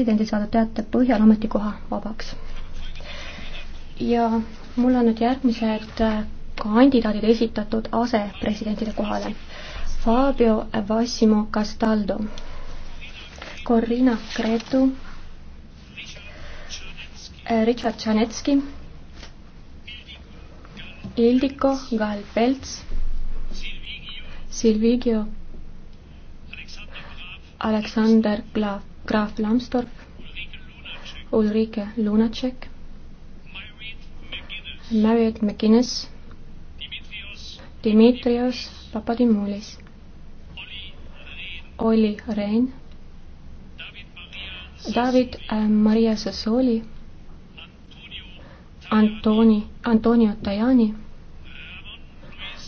pretsidendil saadud teate põhjal ametikoha vabaks. ja mul on nüüd järgmised äh, kandidaadid esitatud asepresidentide kohale. Fabio Vassimo Castaldo, Corina Cretu, äh, Richard Tšanetski, Ildiko Gal-Pelts, Silvigio Aleksander Klaav. Graaf Lambsdorff, Ulrike Lunacek, Marriott McGuinness, Dimitrios Papadimulis, Olli Rehn, David äh, Maria Sassoli, Antoni, Antonio Tajani,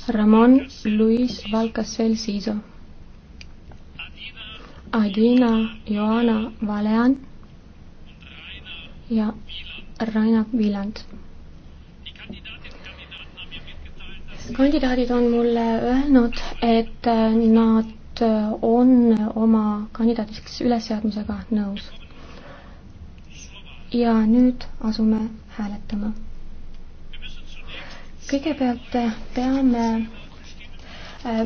Ramon Luis Valcasel Siso Adina, Joana Valean ja Raina Viland. kandidaadid on mulle öelnud, et nad on oma kandidaadiks ülesseadmisega nõus. ja nüüd asume hääletama. kõigepealt peame Äh,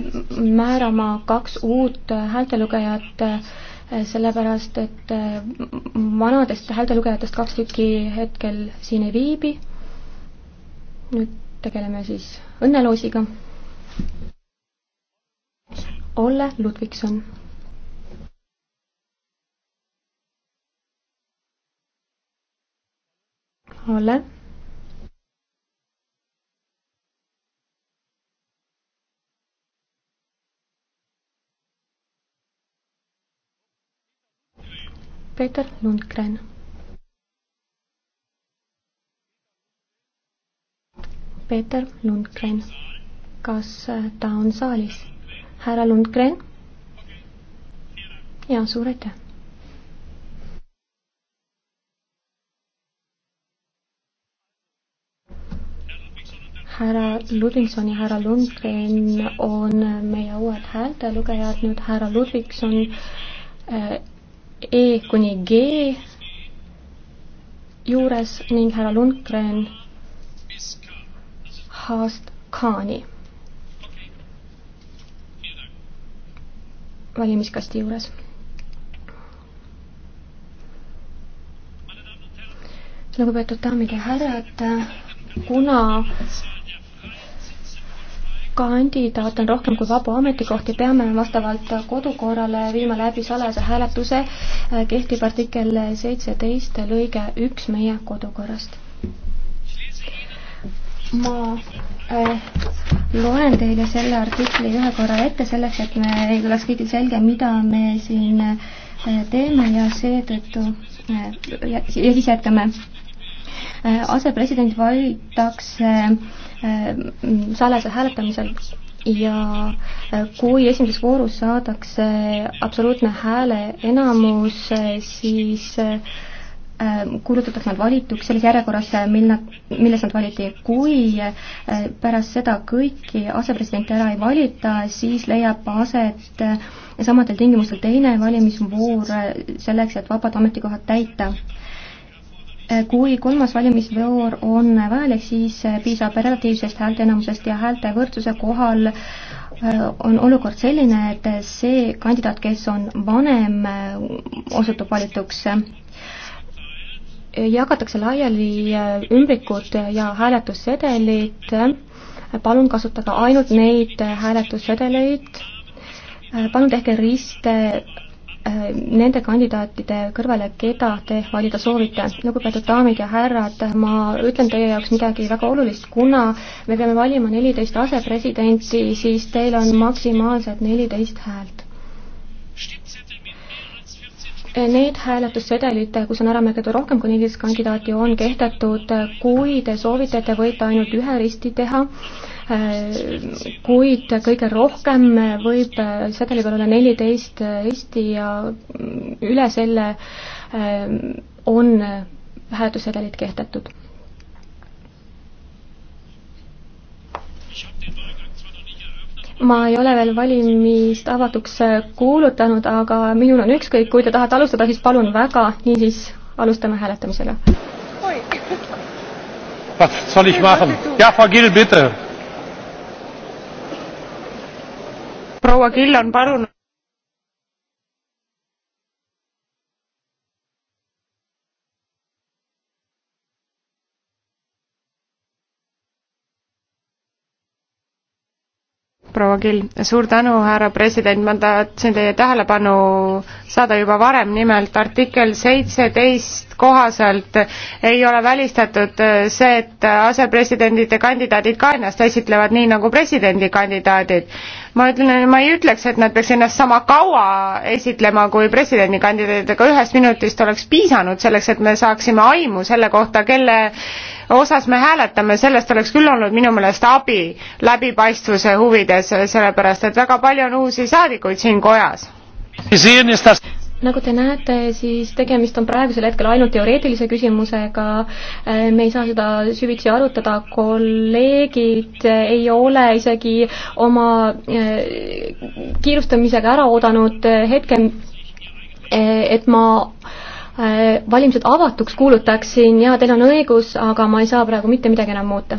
määrama kaks uut häältelugejat, äh, sellepärast et äh, vanadest häältelugejatest kaks tükki hetkel siin ei viibi. nüüd tegeleme siis õnneloosiga. Olle Ludvikson. Olle Peeter Lundgren. Peeter Lundgren, kas äh, ta on saalis? härra Lundgren? ja suur aitäh. härra Ludvigson ja härra Lundgren on äh, meie uued häältelugejad, nüüd härra Ludvigson äh, E kuni G juures ning härra Lundgren Haast Kaani valimiskasti juures. lugupeetud daamid ja härrad, kuna kandidaat on rohkem kui vaba ametikoht ja peame vastavalt kodukorrale viima läbi salajase hääletuse, äh, kehtib artikkel seitseteist lõige üks meie kodukorrast. ma äh, loen teile selle artikli ühe korra ette selleks, et me, et oleks kõigil selge, mida me siin äh, teeme ja seetõttu ja siis jätkame. asepresident valitakse äh, Äh, salajasel hääletamisel ja äh, kui esimeses voorus saadakse absoluutne hääle enamus, äh, siis kuulutatakse nad valituks selles järjekorras, mil nad, milles nad valiti. kui pärast seda kõiki asepresidente ära ei valita, siis leiab aset samadel tingimustel teine valimisvoor selleks, et vabad ametikohad täita Eh, kui kolmas valimisvoor on vajalik, siis eh, piisab relatiivsest häälteenamusest ja häälte võrdsuse kohal eh, on olukord selline, et see kandidaat, kes on vanem, osutub valituks. jagatakse laiali ümbrikud ja hääletussedelid, palun kasutada ainult neid hääletussedeleid, palun tehke riste nende kandidaatide kõrvale, keda te valida soovite. lugupeetud daamid ja härrad, ma ütlen teie jaoks midagi väga olulist, kuna me peame valima neliteist asepresidenti, siis teil on maksimaalselt neliteist häält. Need hääletussedelid, kus on ära märgitud rohkem kui neliteist kandidaati, on kehtetud, kui te soovite, te võite ainult ühe risti teha Äh, kuid kõige rohkem võib äh, sageli peal olla neliteist äh, Eesti ja mm, üle selle on hääletussedelid kehtetud. ma ei ole veel valimist avatuks kuulutanud, aga minul on ükskõik, kui te tahate alustada, siis palun väga, niisiis alustame hääletamisega. Was soll ich machen? Ja, Frau Gill, bitte. proua Kill on palunud proua Kill. suur tänu, härra president, ma tahtsin teie tähelepanu saada juba varem, nimelt artikkel seitseteist kohaselt ei ole välistatud see, et asepresidendite kandidaadid ka ennast esitlevad nii nagu presidendikandidaadid ma ütlen, ma ei ütleks, et nad peaks ennast sama kaua esitlema kui presidendikandidaadid, aga ühest minutist oleks piisanud selleks, et me saaksime aimu selle kohta, kelle osas me hääletame, sellest oleks küll olnud minu meelest abi läbipaistvuse huvides, sellepärast et väga palju on uusi saadikuid siin kojas nagu te näete, siis tegemist on praegusel hetkel ainult teoreetilise küsimusega, äh, me ei saa seda süvitsi arutada, kolleegid ei ole isegi oma äh, kiirustamisega ära oodanud hetke, äh, et ma valimised avatuks kuulutaksin ja teil on õigus, aga ma ei saa praegu mitte midagi enam muuta.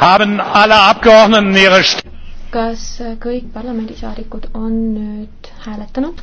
haben alle Abgeordneten ihre Kas kõik parlamendisaadikud on nüüd hääletanud?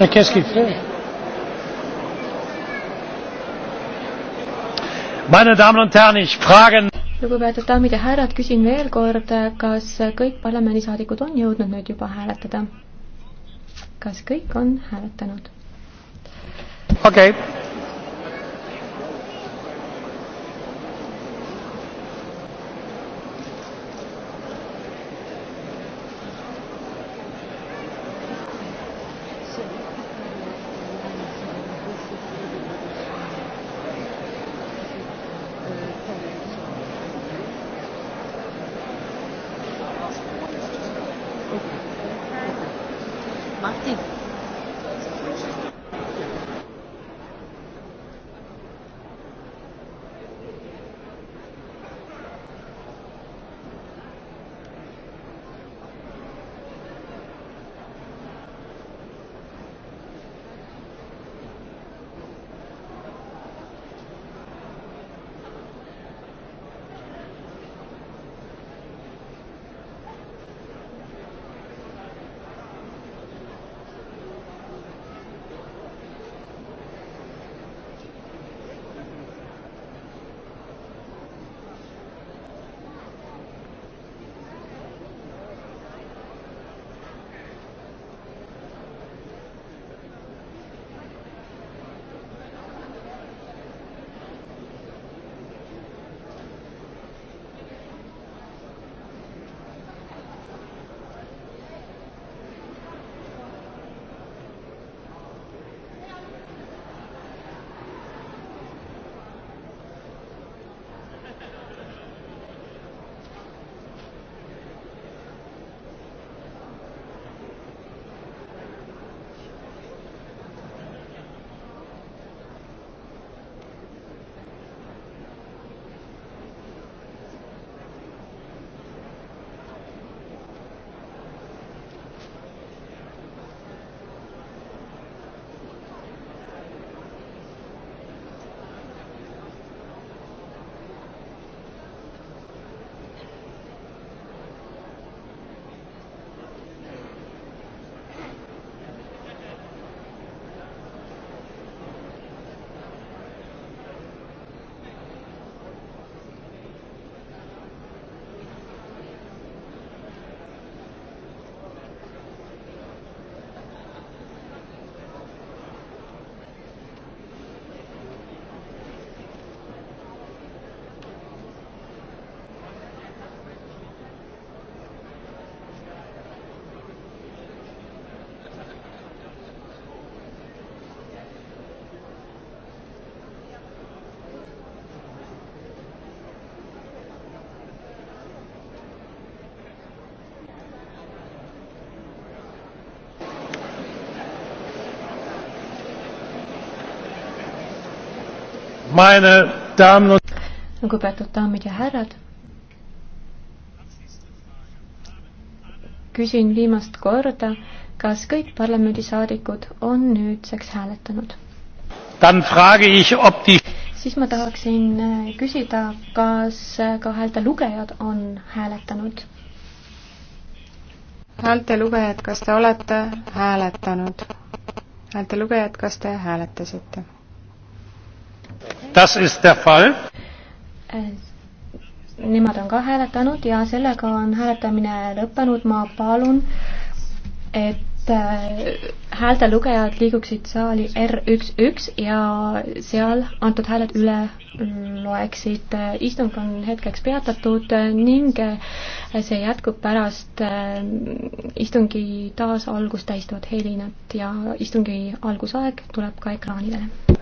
Mais qu'est-ce qu'il fait Meine Damen und Herren, ich frage lugupeetud daamid ja härrad, küsin veel kord, kas kõik parlamendisaadikud on jõudnud nüüd juba hääletada? kas kõik on hääletanud? okei okay.. lugupeetud daamid ja härrad, küsin viimast korda, kas kõik parlamendisaadikud on nüüdseks hääletanud? Die... siis ma tahaksin äh, küsida, kas äh, ka häälte lugejad on hääletanud? häälte lugejad, kas te olete hääletanud? häälte lugejad, kas te hääletasite? Das ist der Fall. Nemad on ka hääletanud ja sellega on hääletamine lõppenud. ma palun, et äh, häältelugejad liiguksid saali R11 ja seal antud hääled üle loeksid. istung on hetkeks peatatud ning see jätkub pärast äh, istungi taasalgust tähistavat helinat ja istungi algusaeg tuleb ka ekraanidele.